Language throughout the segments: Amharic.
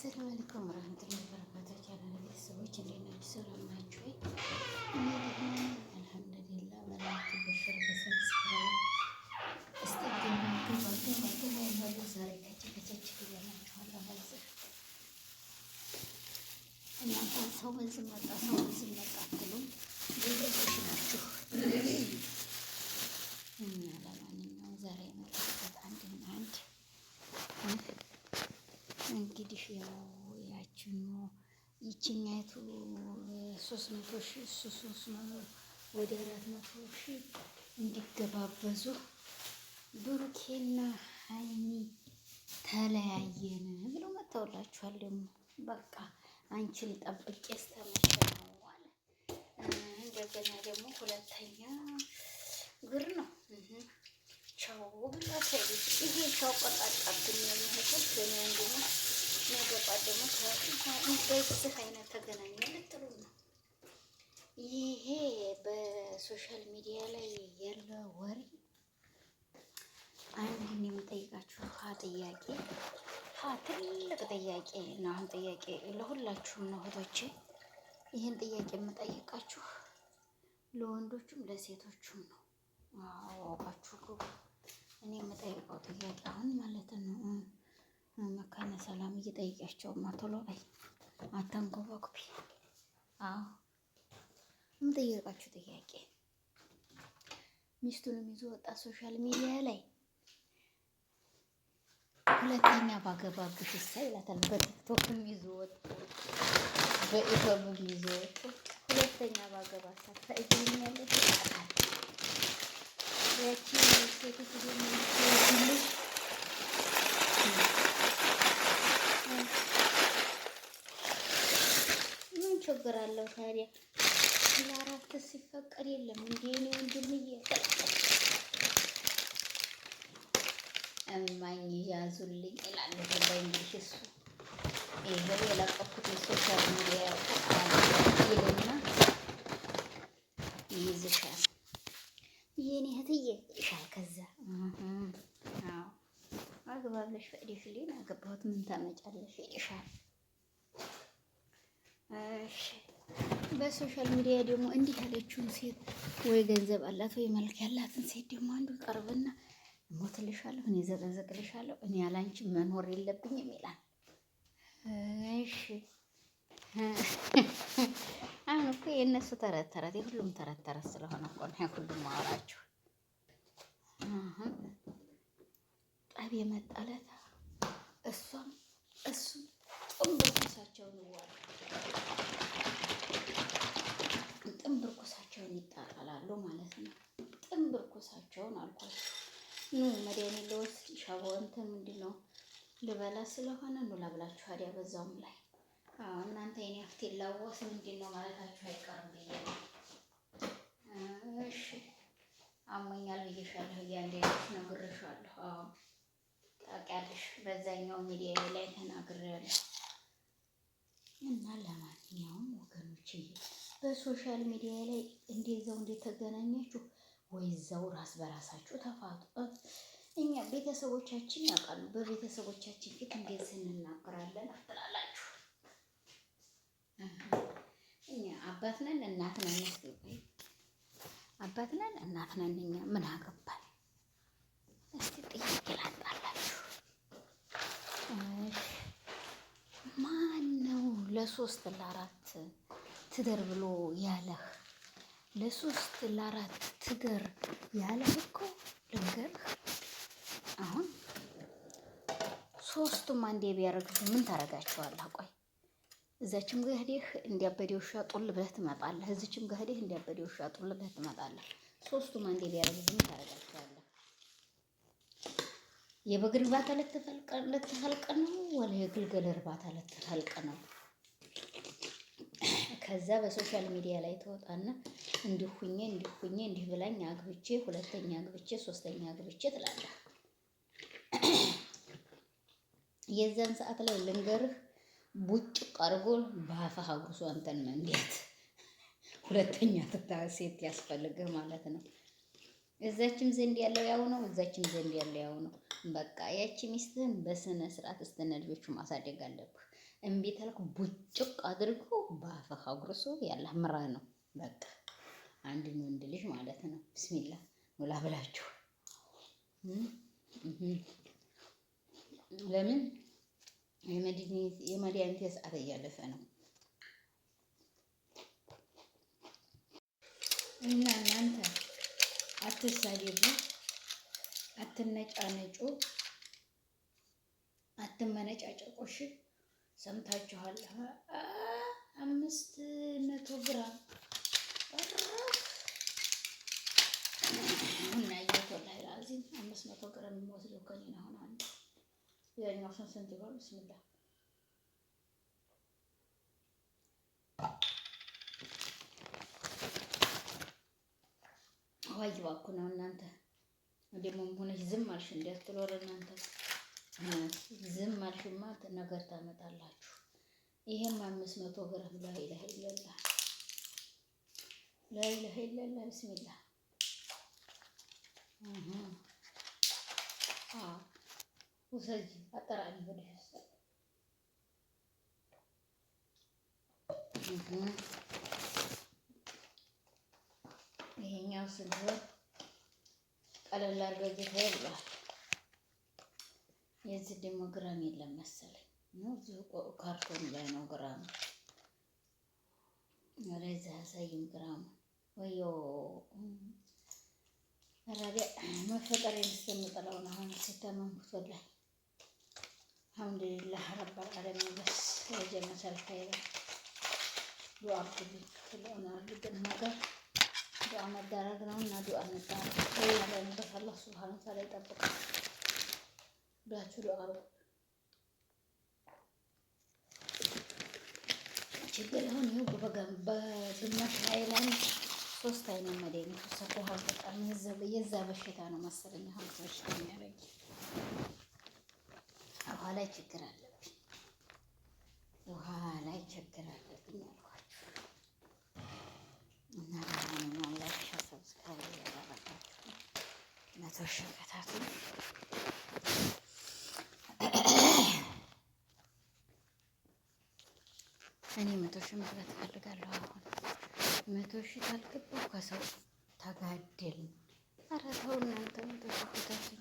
አሰላም አለይኩም ወራህመቱላሂ ወበረካቱህ። ቻናል ቤተሰቦች እንዴት ናችሁ? ሰላም ናችሁ ወይ? እኔ ደግሞ አልሐምዱሊላህ መላእክት በሽር በሰብስክራይብ ዛሬ ከች ከቸች ብያላችኋለሁ። በዚህ እናንተ ሰው በዚህ መጣ ሰው እንግዲህ ያው ያችኑ ይችኛቱ ሶስት መቶ ሺ እሱ ሶስት መቶ ወደ አራት መቶ ሺ እንዲገባበዙ ብሩኬና ሀይሚ ተለያየን ብለው መታወላችኋል። ደግሞ በቃ አንቺን ጠብቄ ስተመሸነዋል። እንደገና ደግሞ ሁለተኛ ግር ነው ቻው ብላ ይሄ ቻው ቆጣጣብን የሚሄቶች ገና እንዲሆን ነገጧት ደግሞ እንደዚህ አይነት ተገናኘ ልትሉ ነው። ይሄ በሶሻል ሚዲያ ላይ ያለ ወሬ አንድን የምጠይቃችሁ ሀ ጥያቄ ሀ ትልቅ ጥያቄ ነው። አሁን ጥያቄ ለሁላችሁም ነው እህቶቼ፣ ይህን ጥያቄ የምጠይቃችሁ ለወንዶቹም ለሴቶቹም ነው። አዋቃችሁ እኔ የምጠይቀው ጥያቄ አሁን ማለት ነው መካነ ሰላም እየጠየቂያቸው ማቶሎ ላይ አታንጎባጉቢ። አዎ የምጠየቃችሁ ጥያቄ ሚስቱንም ይዞ ወጣ ሶሻል ሚዲያ ላይ ሁለተኛ ባገባብሽ እሳ ይላታል። በቲክቶክም ይዞ ወጡ፣ በኢቶብም ይዞ ወጡ። ሁለተኛ ባገባ ሳታ ይገኛለች ይላታል። ያቺ ልጅ ችግር አለው ታዲያ? ለአራት ሲፈቀድ የለም እንዴ ነው ወንድምዬ? እማኝ ያዙልኝ ይላል ሁላ እንግዲህ እሱ ይሄው የለቀኩት የሶሻል ሚዲያ ይልና ይይዝሻል የኔ እህትዬ ይሻል ከዛ አግባብለሽ ፈቅደሽልኝ አገባሁት ምን ታመጫለሽ ይሻል በሶሻል ሚዲያ ደግሞ እንዲህ ያለችውን ሴት ወይ ገንዘብ አላት ወይ መልክ ያላትን ሴት ደግሞ አንዱ ቀርብና ሞትልሻለሁ፣ እኔ ዘቀዘቅልሻለሁ፣ እኔ ያላንቺ መኖር የለብኝም ይላል። እሺ አሁን እኮ የእነሱ ተረት ተረት የሁሉም ተረት ተረት ስለሆነ እኮ ነው ሁሉም ማወራችሁ። ጠብ የመጣለታ እሷም እሱም ጥም በሳቸውን ይዋሉ ጥም ብርኩሳቸውን ይጣጣላሉ ማለት ነው። ጥም ብርኩሳቸውን አልኳቸው። ኑ መድኃኒት ልወስድ ሻቦ እንትን ምንድን ነው ልበላ ስለሆነ ኑ ላብላችሁ አዲያ በዛውም ላይ እናንተ የኔ አፍቴ ላወስ ምንድን ነው ማለታችሁ አይቀርም ብዬ ነው። እሺ አሞኛል ብዬሻለሁ፣ እያንዴ ነግሬሻለሁ። ታውቂያለሽ፣ በዛኛው ሚዲያ ላይ ተናግሬያለሁ። እና ለማንኛውም ወገኖች በሶሻል ሚዲያ ላይ እንደዛው እንደተገናኛችሁ ወይ እዛው ራስ በራሳችሁ ተፋቱ። እኛ ቤተሰቦቻችን ያውቃሉ። በቤተሰቦቻችን ፊት እንደዚህ እንናገራለን አትላላችሁ። እኛ አባት ነን እናት ነን አባት ነን እናት ነን። እኛ ምን አገባል? ለሶስት ለአራት ትደር ብሎ ያለህ ለሶስት ለአራት ትደር ያለህ እኮ ልንገርህ፣ አሁን ሶስቱም አንዴ ቢያደርግ ምን ታደርጋቸዋለህ? ቆይ እዛችም ገህዴህ እንዲያበደ ውሻ ጡል ብለህ ትመጣለህ። እዚችም ገህዴህ እንዲያበደ ውሻ ጡል ብለህ ትመጣለህ። ሶስቱም አንዴ ቢያደርግ ምን ታደርጋቸዋለህ? የበግ እርባታ ልትፈልቅ ነው፣ ወላ የግልገል እርባታ ልትፈልቅ ነው? ከዛ በሶሻል ሚዲያ ላይ ተወጣና እንዲሁኝ እንዲሁኝ እንዲሁ እንዲህ ብላኝ አግብቼ ሁለተኛ አግብቼ ሶስተኛ አግብቼ ትላለህ። የዛን ሰዓት ላይ ልንገርህ ቡጭ ቀርጎ በአፍህ አጉርሶ አንተን መንዲያት ሁለተኛ ትታ ሴት ያስፈልግህ ማለት ነው። እዛችም ዘንድ ያለው ያው ነው፣ እዛችም ዘንድ ያለው ያው ነው። በቃ ያቺ ሚስትህን በስነ ስርዓት እስተነ ማሳደግ አለብህ። እምቢ ታልክ ቡጭቅ አድርጎ በአፈህ ጉርሶ ያላህ ምራ ነው። በቃ አንድን ወንድ ልጅ ማለት ነው። ብስሚላ ሙላ ብላችሁ ለምን የመድኃኒት የሰዓት እያለፈ ነው። እና እናንተ አትሳደቡ፣ አትነጫነጩ፣ አትመነጫጨቁሽ። ሰምታችኋል። አምስት መቶ ግራም እና እየተወላይ አምስት መቶ ግራም ከኔ ነው። አሁን አንድ ያኛው ስንት ይሆን? ብስሚላ ዋይ ባኩ ነው እናንተ። ደግሞ ሆነች ዝም አልሽ እናንተ ዝም አልሽማ ነገር ታመጣላችሁ። ይሄም አምስት መቶ ግራም ላይላህ ይለላ ላይላህ ይለላ ብስሚላ ውሰጂ አጠራሚ ወደ ይሄኛው ስንት ቀለል አድርገህ ብሏል። የዚህ ደግሞ ግራም የለም መሰለኝ ነው። እዚሁ ካርቶን ላይ ነው ግራም ለዚህ ዛሳይም ግራም ወዮ አራቢያ መፈጠር የሚስተምጠለውን አሁን ሲታመምኩት ወላሂ አልሐምዱሊላህ ረብል ዓለሚን በስ የጀመሰል ኸይር ዱዓ ስለሆነ ነገር ዱዓ መዳረግ ነው እና ዱዓ መዳረግ ያለንበት አላህ ስብሓን ታላ ይጠብቃል። ብላችሁ ዱአ ችግር አሁን ይኸው በግማሽ ሃይላንድ ሶስት አይነት መድኃኒት ወሰድኩ። አሁን በጣም የዛ በሽታ ነው መሰለኝ አሁን በሽታ የሚያደርግ ውሃ ላይ ችግር አለብኝ፣ ውሃ ላይ ችግር አለብኝ ያልኳችሁ እና ለሆኑ አምላክ ሰብስክራይብ እያደረጋችሁ መቶ ሸቀታቱ እኔ መቶ ሺህ መግባት ፈልጋለሁ። አሁን መቶ ሺህ ካልገባሁ ከሰው ተጋደል። ኧረ ተው እናንተ መቶ ሺህ ቦታችን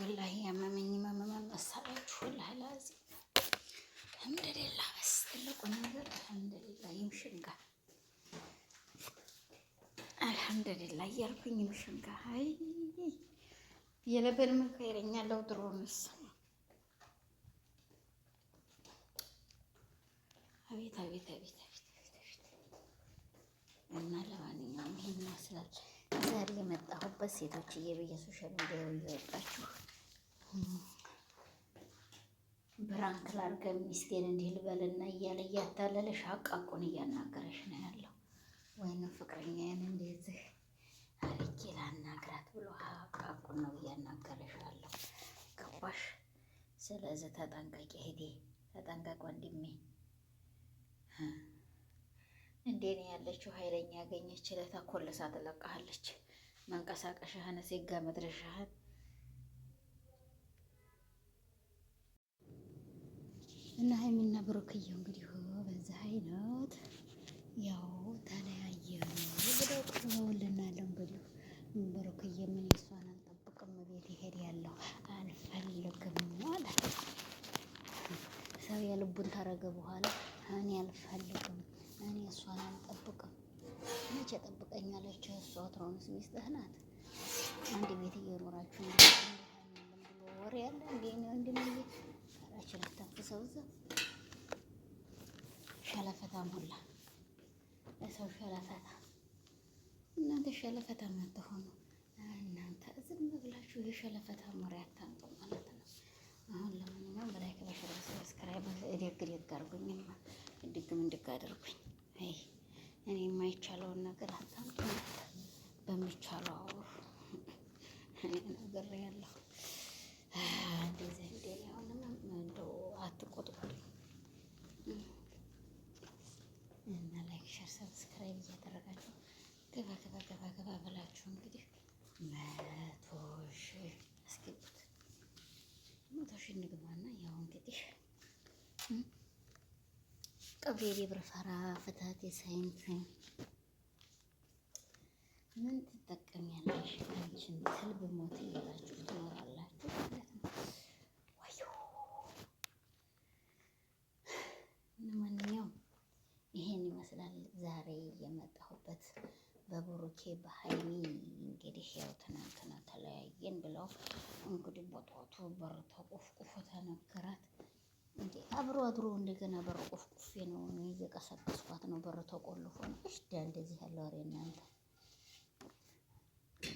ወላሂ ያመመኝ ማመማን መሳላችሁ ወላሂ ላዚ አልሐምዱሊላ በስ ትልቁ ነገር አልሐምዱሊላ ይምሽንጋ አልሐምዱሊላ እያልኩኝ ይምሽንጋ ሀይ የለበን ምን ከይለኛለው ድሮንስ አቤት አቤት አቤት አቤት እና ለማንኛውም ይሄን ይመስላል ዛሬ የመጣሁበት ሴቶችዬ፣ በየሶሻል ሚዲያው እየወጣችሁ ብራንክ ላድርገን ሚስቴን እንዲህ ልበልና እያለ እያታለለሽ አቃቁን እያናገረሽ ነው ያለው። ወይንም ፍቅረኛዬን እንደዚህ አርጌ ላናግራት ብሎ አቃቁን ነው እያናገረሽ ያለው። ገባሽ? ስለዚህ ተጠንቀቂ፣ ሂዴ ተጠንቀቅ ወንድሜ። እንዴን ያለችው ኃይለኛ ያገኘች ለታ ኮልሳ ትለቃሃለች። መንቀሳቀሻህን ሲጋ መድረሻህን እና ሀይሚና ብሩክዬው እንግዲህ በዛ አይነት ያው ተለያየ ብለው ቅርበውልናል። እንግዲህ ብሩክዬ ምን እሷን አልጠብቅም ቤት ይሄድ ያለው አልፈልግም አለ ሰው የልቡን ታረገ በኋላ እኔ አልፈልግም፣ እኔ እሷን አልጠብቅም። መቼ ጠብቀኛለች? እሷ ትሮንስ ሚስትህ ናት። አንድ ቤት እየኖራችሁ ብሎ ወሬ ያለ እንዲህ ወንድም ሻላችን ልታፍሰው እዛ ሸለፈታ ሞላ ለሰው ሸለፈታ። እናንተ ሸለፈታ ማትሆኑ እናንተ ዝም ብላችሁ የሸለፈታ ሞሬ አታምጡ ማለት አሁን ለማንኛውም በላይክ በሽር ሰብስክራይብ እደግ ደግ ድግም እንድግ አድርጉኝ። አይ እኔ የማይቻለውን ነገር አታምጡ፣ በሚቻለው አውሩ። እኔ ነገር ያለው እንደዚህ እንደ አሁንም እንደው አትቆጥቁኝ እና ላይክ ሸር ሰብስክራይብ እያደረጋችሁ ገባ ገባ ገባ ገባ ብላችሁ እንግዲህ መቶ ሺህ አስገቡት። መቶ ሺህ እንግባና ያው እንግዲህ ቀብሬ ብርፈራ ፍታት የሳይንስ ምን ትጠቀሚያለሽ? አንቺን ትል ሞት እያላችሁ ትኖራላችሁ ማለት ነው። ወዮ ለማንኛውም ይሄን ይመስላል ዛሬ የመጣሁበት በብሩኬ በሀይሚ እንግዲህ ያው ትናንትና ተለያየን ብለው እንግዲህ ቦቷቱ በር ተቆፍቁፎ ተነገራት። እንዴ አብሮ አድሮ እንደገና በር ቆፍቁፌ ነው እየቀሰቀስኳት ነው። በር ተቆልፎ ነው። እሽዳ እንደዚህ ያለ ወሬ እናንተ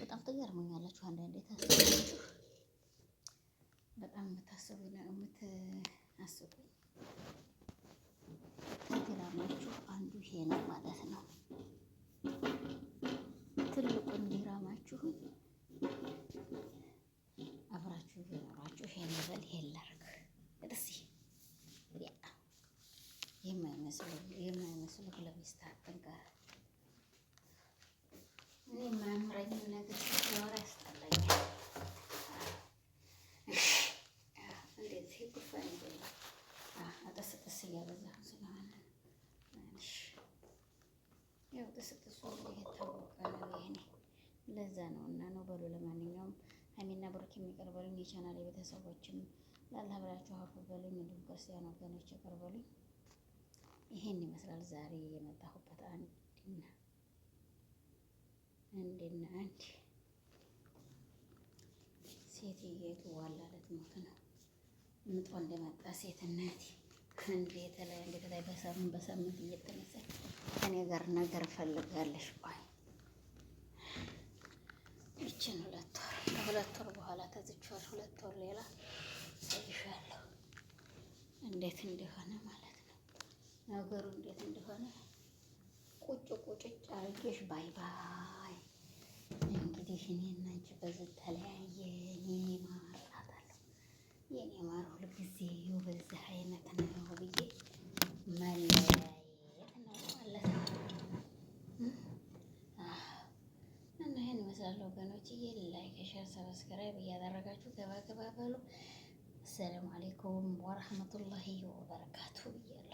በጣም ትገርሙኛላችሁ። አንዳንዴ ታስባችሁ በጣም የምታስቡ የምታስቡኝ ግራማችሁ አንዱ ይሄ ነው ማለት ነው። ትልቁን ዲራማችሁን አብራችሁ ቢኖራችሁ ይሄን በል ይሄን ላርግ እጥሲ የማይመስሉ ለሚስት አጠንቀር እኔ የማያምረኝ ነገር የቻናል የቤተሰቦችም ላላ ብላችሁ አፉ በሉኝ፣ እንዲሁም ክርስቲያን ወገኖች ይቅር በሉኝ። ይሄን ይመስላል ዛሬ የመጣሁበት አንድና አንድና አንድ ሴትየቱ ዋላለት ሞት ነው ምጧ እንደመጣ ሴትነት እንዴት ላይ እንዴት ላይ በሳምንት በሳምንት እየተነሳች እኔ ጋር ነገር ፈልጋለሽ። ቆይ እችን ሁለቷ ከሁለት ወር በኋላ ከዚች ሁለት ወር ሌላ እይሻለሁ እንዴት እንደሆነ ማለት ነው። ነገሩ እንዴት እንደሆነ ቁጭ ቁጭጭ አርጌሽ ባይ ባይ እንግዲህ ሸር፣ ሰብስክራይብ እያደረጋችሁ ገባ ገባ በሉ። አሰላሙ አሌይኩም ወረህመቱላሂ ወበረካቱ ብያለሁ።